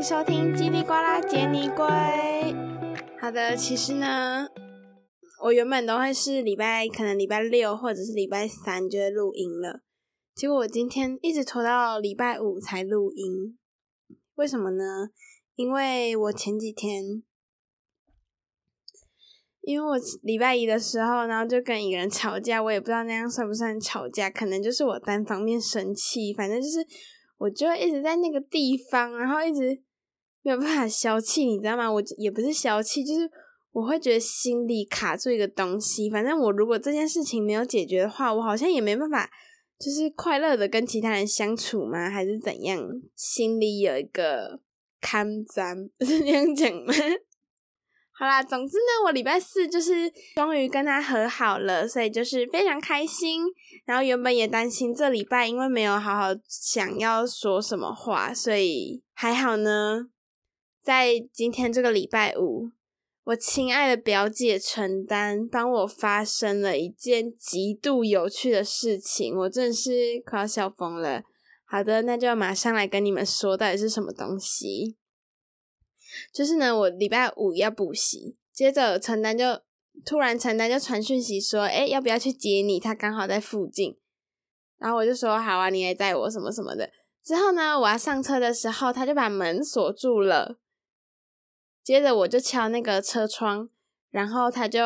收聽嘰里呱啦傑尼龜。好的，其實呢，我原本都會是禮拜，可能禮拜六或者是禮拜三就會錄音了。結果我今天一直拖到禮拜五才錄音，為什麼呢？因為我前幾天，因為我禮拜一的時候，然後就跟一個人吵架，我也不知道那樣算不算吵架，可能就是我單方面生氣，反正就是我就一直在那個地方，然後一直。沒有辦法消氣，你知道嗎？我也不是消氣，就是我會覺得心裡卡住一個東西。反正我如果這件事情沒有解決的話，我好像也沒辦法，就是快樂的跟其他人相處嗎？還是怎樣？心裡有一個坎，不是這樣講嗎？好啦，總之呢，我禮拜四就是終於跟他和好了，所以就是非常開心。然後原本也擔心這禮拜因為沒有好好想要說什麼話，所以還好呢。在今天這個禮拜五，我親愛的表姐陳丹幫我發生了一件極度有趣的事情，我真的是快要笑瘋了。好的，那就馬上來跟你們說到底是什麼東西。就是呢，我禮拜五要補習，接着陳丹就突然陳丹就傳訊息說：“哎，要不要去接你？她剛好在附近。”然後我就說：“好啊，你也帶我什麼什麼的。”之後呢，我要上車的時候，她就把門鎖住了。接着我就敲那個車窗，然後他就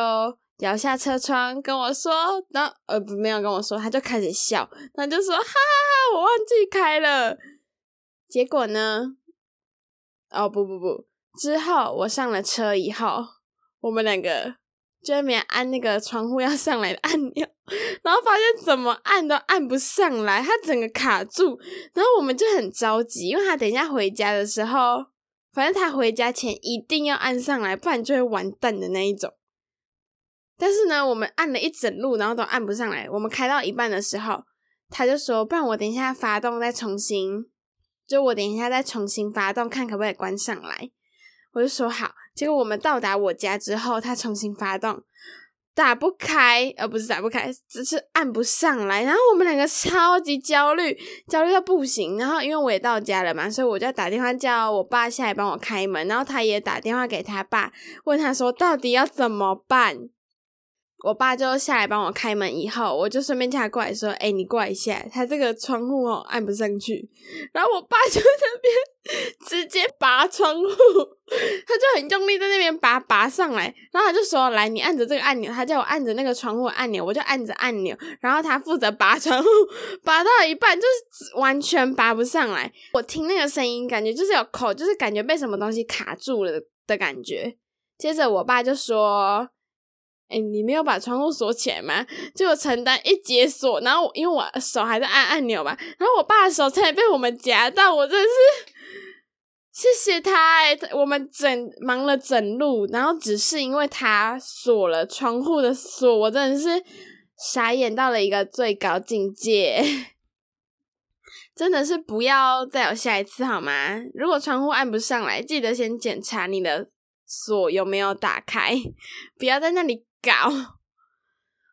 搖下車窗跟我說，然後呃不沒有跟我說，他就開始笑，他就說哈，哈哈哈，我忘記開了。結果呢，哦不不不，之後我上了車以後，我們兩個就沒按那個窗戶要上來的按鈕，然後發現怎麼按都按不上來，他整個卡住，然後我們就很着急，因為他等一下回家的時候。反正他回家前一定要按上來，不然就會完蛋的那一種。但是呢，我們按了一整路，然後都按不上來。我們開到一半的時候，他就說：“不然我等一下發動，再重新，就我等一下再重新發動，看可不可以關上來。”我就說好。結果我們到達我家之後，他重新發動。打不開，呃，不是打不開，只是關不上來。然後我們兩個超級焦慮，焦慮到不行。然後因為我也到家了嘛，所以我就打電話叫我爸下來幫我開門。然後他也打電話給他爸，問他說到底要怎麼辦。我爸就下來幫我開門以後，我就順便叫他過來說：“欸，你過來一下，他這個窗戶哦按不上去。”然後我爸就那邊直接拔窗戶，他就很用力在那邊拔，拔上來。然後他就說：“來，你按着這個按鈕。”他叫我按着那個窗戶按鈕，我就按着按鈕。然後他負責拔窗戶，拔到一半就是完全拔不上來。我聽那個聲音，感覺就是有口，就是感覺被什麼東西卡住了的感覺。接着我爸就說。哎、欸，你沒有把窗戶鎖起來嗎？就我承擔一解鎖，然後因為我手還在按按鈕吧，然後我爸的手差點被我們夾到，我真的是謝謝他、欸、我們整忙了整路，然後只是因為他鎖了窗戶的鎖，我真的是傻眼到了一個最高境界，真的是不要再有下一次好嗎？如果窗戶按不上來，記得先檢查你的鎖有沒有打開，不要在那裡。搞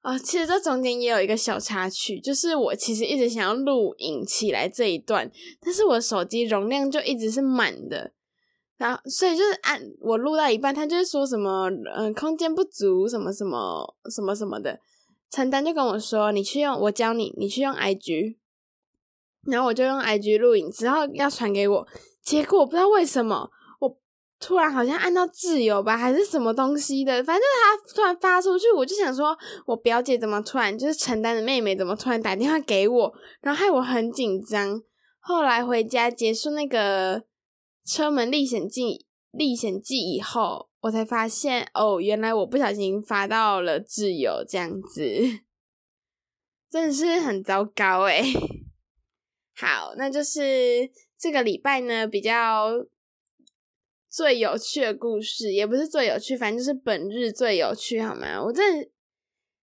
啊、哦！其實這中間也有一個小插曲，就是我其實一直想要錄影起來這一段，但是我手機容量就一直是滿的，然後所以就是按我錄到一半，他就是說什麼嗯、呃、空間不足什麼什麼什麼什麼的，陳丹就跟我說，你去用，我教你，你去用 IG，然後我就用 IG 錄影，之後要傳給我，結果我不知道為什麼，突然好像按到自由吧，還是什麼東西的，反正他突然發出去，我就想說，我表姐怎麼突然就是承擔的妹妹怎麼突然打電話給我，然後害我很緊張。後來回家結束那個車門歷險記歷險記以後，我才發現哦，原來我不小心發到了自由這樣子，真的是很糟糕哎、欸。好，那就是這個禮拜呢比較。最有趣的故事，也不是最有趣，反正就是本日最有趣，好嗎？我真的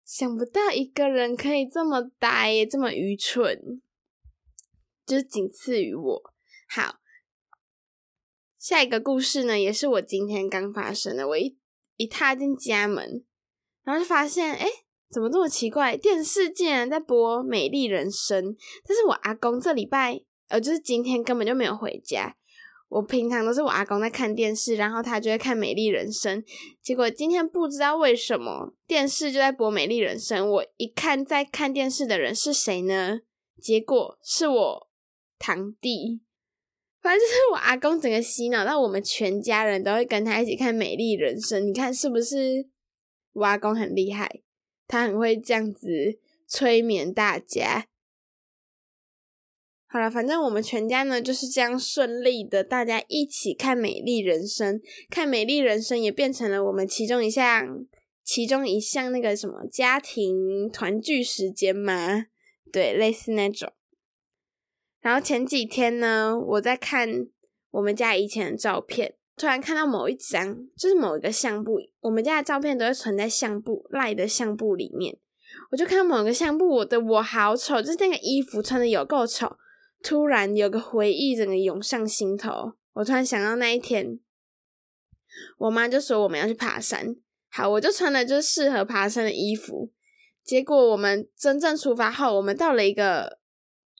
想不到一個人可以這麼呆，這麼愚蠢，就是僅次於我。好，下一個故事呢，也是我今天剛發生的。我一一踏進家門，然後就發現，哎、欸，怎麼這麼奇怪？電視竟然在播《美麗人生》，但是我阿公這禮拜，呃，就是今天根本就沒有回家。我平常都是我阿公在看電視，然後他就會看《美麗人生》。結果今天不知道為什麼電視就在播《美麗人生》，我一看，在看電視的人是誰呢？結果是我堂弟。反正就是我阿公整個洗腦到我們全家人都會跟他一起看《美麗人生》，你看是不是？我阿公很厲害，他很會這樣子催眠大家。好了，反正我們全家呢就是這樣順利的，大家一起看《美麗人生》，看《美麗人生》也變成了我們其中一項、其中一項那個什麼家庭團聚時間嘛，對，類似那種。然後前幾天呢，我在看我們家以前的照片，突然看到某一張，就是某一個相簿，我們家的照片都會存在相簿，賴的相簿裡面，我就看到某一個相簿，我的，我好醜，就是那個衣服穿得有夠醜。突然有個回憶，整個湧上心頭。我突然想到那一天，我媽就說我們要去爬山。好，我就穿了就是適合爬山的衣服。結果我們真正出發後，我們到了一個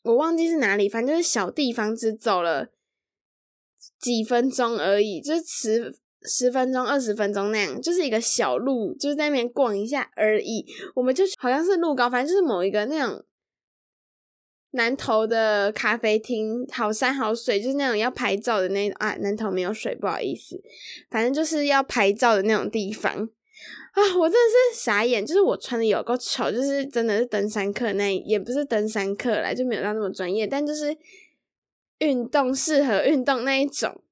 我忘記是哪裡，反正就是小地方，只走了幾分鐘而已，就是十十分鐘、二十分鐘那樣，就是一個小路，就是在那邊逛一下而已。我們就好像是路高，反正就是某一個那種。南投的咖啡廳，好山好水，就是那種要拍照的那啊。南投沒有水，不好意思，反正就是要拍照的那種地方啊。我真的是傻眼，就是我穿的有夠醜，就是真的是登山客那，也不是登山客啦，就沒有到那麼專業，但就是運動適合運動那一種。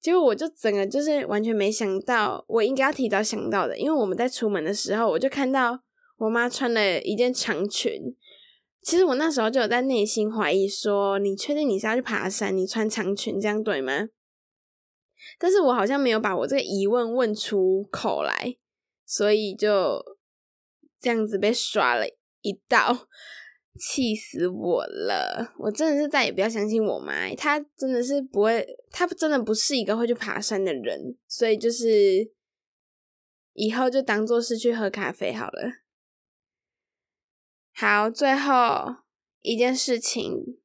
結果我就整個就是完全沒想到，我應該要提早想到的，因為我們在出門的時候，我就看到我媽穿了一件長裙。其實我那時候就有在內心懷疑說，你確定你是要去爬山？你穿長裙這樣對嗎？但是我好像沒有把我這個疑問問出口來，所以就這樣子被耍了一道，氣死我了！我真的是再也不要相信我媽，她真的是不會，她真的不是一個會去爬山的人，所以就是以後就當做是去喝咖啡好了。好，最後一件事情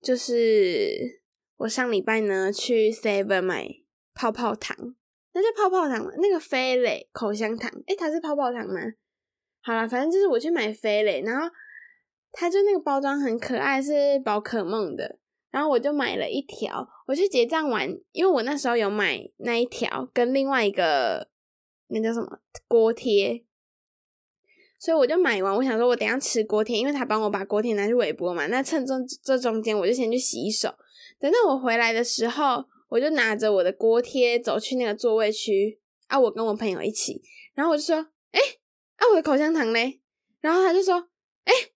就是我上禮拜呢去 save 買泡泡糖，那是泡泡糖嗎？那個飛壘口香糖，誒、欸、它是泡泡糖嗎？好啦，反正就是我去買飛壘，然後它就那個包裝很可愛，是寶可夢的，然後我就買了一條。我去結賬完，因為我那時候有買那一條跟另外一個，那叫什麼鍋貼。鍋貼所以我就買完，我想說我等一下吃鍋貼，因為他幫我把鍋貼拿去微波嘛。那趁中這中間，我就先去洗手。等到我回來的時候，我就拿着我的鍋貼走去那個座位區啊，我跟我朋友一起。然後我就說：“哎、欸，啊我的口香糖嘞？”然後他就說：“哎、欸，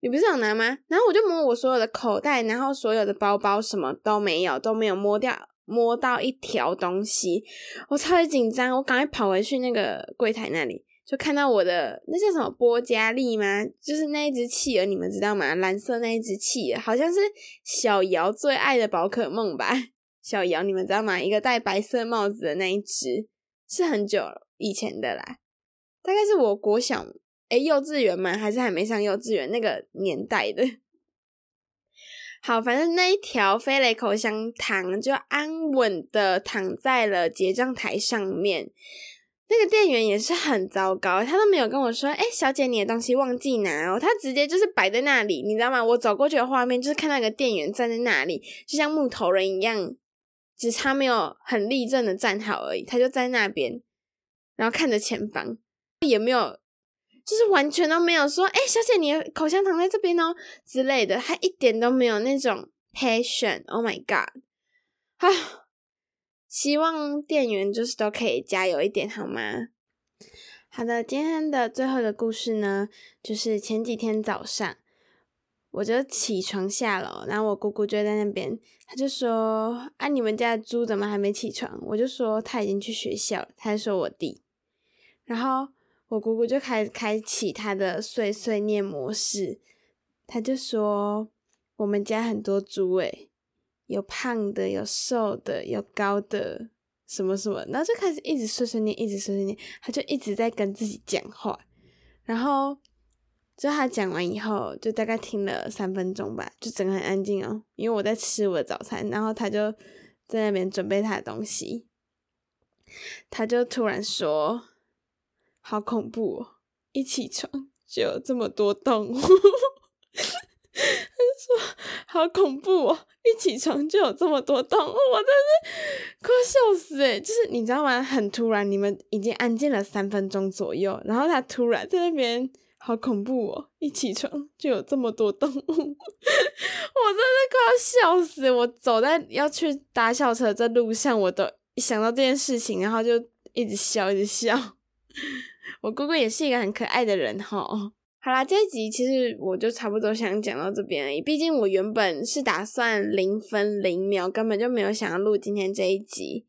你不是有拿嗎？”然後我就摸我所有的口袋，然後所有的包包，什麼都沒有，都沒有摸掉，摸到一條東西。我超級緊張，我趕快跑回去那個櫃檯那裡。就看到我的那叫什麼波加利嗎？就是那一隻企鵝，你們知道嗎？藍色那一隻企鵝，好像是小瑤最愛的寶可夢吧？小瑤，你們知道嗎？一個戴白色帽子的那一隻，是很久以前的啦，大概是我國小誒、欸、幼稚園嗎？還是還沒上幼稚園那個年代的？好，反正那一條飛壘口香糖就安穩的躺在了結賬台上面。那個店員也是很糟糕，他都沒有跟我說，誒、欸、小姐，你的東西忘記拿哦。他直接就是擺在那裡，你知道嗎？我走過去的畫面就是看到一個店員站在那裡，就像木頭人一樣，只差沒有很立正的站好而已。他就在那邊，然後看着前方，也沒有，就是完全都沒有說，誒、欸、小姐，你的口香糖在這邊哦之類的。他一點都沒有那種 passion，Oh my god，哈。希望店員就是都可以加油一點，好嗎？好的，今天的最後的故事呢，就是前幾天早上，我就起床下樓，然後我姑姑就在那邊，他就說：“啊，你們家豬怎麼還沒起床？”我就說：“他已經去學校。”他還說我弟。然後我姑姑就開開啟他的碎碎念模式，他就說：“我們家很多豬誒。”有胖的，有瘦的，有高的，什麼什麼，然後就開始一直碎碎念，一直碎碎念，他就一直在跟自己講話。然後，就他講完以後，就大概聽了三分鐘吧，就整個很安靜哦，因為我在吃我的早餐，然後他就在那邊準備他的東西。他就突然說：“好恐怖哦，一起床就有這麼多動物。 ”好恐怖哦！一起床就有這麼多動物，我真的快笑死誒、欸、就是你知道嗎？很突然，你們已經安靜了三分鐘左右，然後他突然在那邊，好恐怖哦！一起床就有這麼多動物，我真的要笑死！我走在要去搭校車在路上，我都一想到這件事情，然後就一直笑，一直笑。我姑姑也是一個很可愛的人哈。好啦，這一集其實我就差不多想講到這邊而已。畢竟我原本是打算零分零秒，根本就沒有想要錄今天這一集。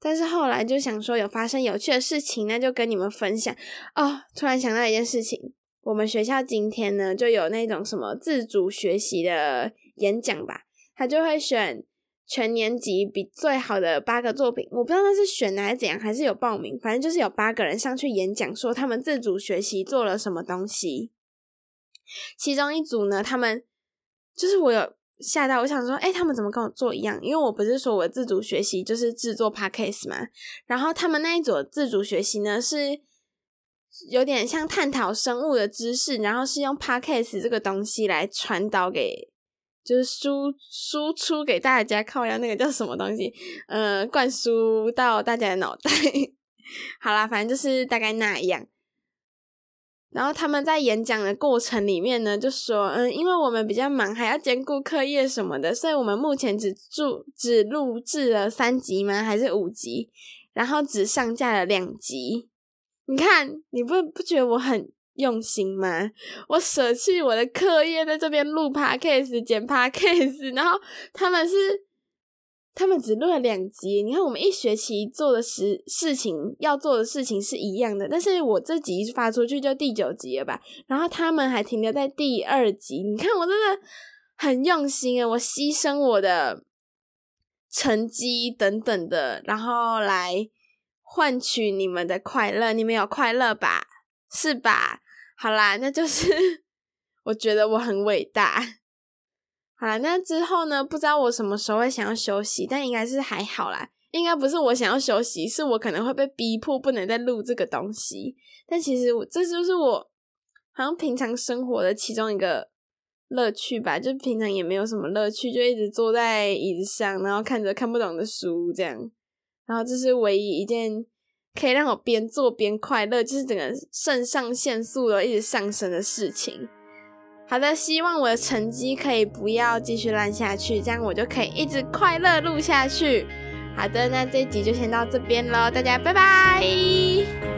但是後來就想說，有發生有趣的事情，那就跟你們分享。哦，突然想到一件事情，我們學校今天呢就有那種什麼自主學習的演講吧，他就會選。全年級比最好的八個作品，我不知道那是選的還是怎樣，還是有報名，反正就是有八個人上去演講，說他們自主學習做了什麼東西。其中一組呢，他們就是我有嚇到，我想說，哎、欸，他們怎麼跟我做一樣？因為我不是說我自主學習就是製作 Podcast 嘛。然後他們那一組自主學習呢，是有點像探討生物的知識，然後是用 Podcast 這個東西來傳導給。就是輸輸出給大家，靠呀，那個叫什麼東西？嗯、呃，灌輸到大家的腦袋。 好啦，反正就是大概那樣。然後他們在演講的過程裡面呢，就說，嗯，因為我們比較忙，還要兼顧課業什麼的，所以我們目前只注只錄製了三集嗎？還是五集？然後只上架了兩集。你看，你不不覺得我很？用心嗎？我捨棄我的課業，在這邊錄 podcast、剪 podcast，然後他們是他們只錄了兩集。你看，我們一學期做的事、事情要做的事情是一樣的，但是我這集發出去就第九集了吧？然後他們還停留在第二集。你看，我真的很用心啊！我犧牲我的成績等等的，然後來換取你們的快樂。你們有快樂吧？是吧？好啦，那就是我覺得我很偉大。好啦，那之後呢？不知道我什麼時候會想要休息，但應該是還好啦。應該不是我想要休息，是我可能會被逼迫不能再錄這個東西。但其實我這就是我好像平常生活的其中一個樂趣吧。就平常也沒有什麼樂趣，就一直坐在椅子上，然後看着看不懂的書這樣。然後這是唯一一件。可以讓我邊做邊快樂，就是整個腎上腺素的一直上升的事情。好的，希望我的成績可以不要繼續爛下去，這樣我就可以一直快樂錄下去。好的，那這一集就先到這邊嘍，大家拜拜。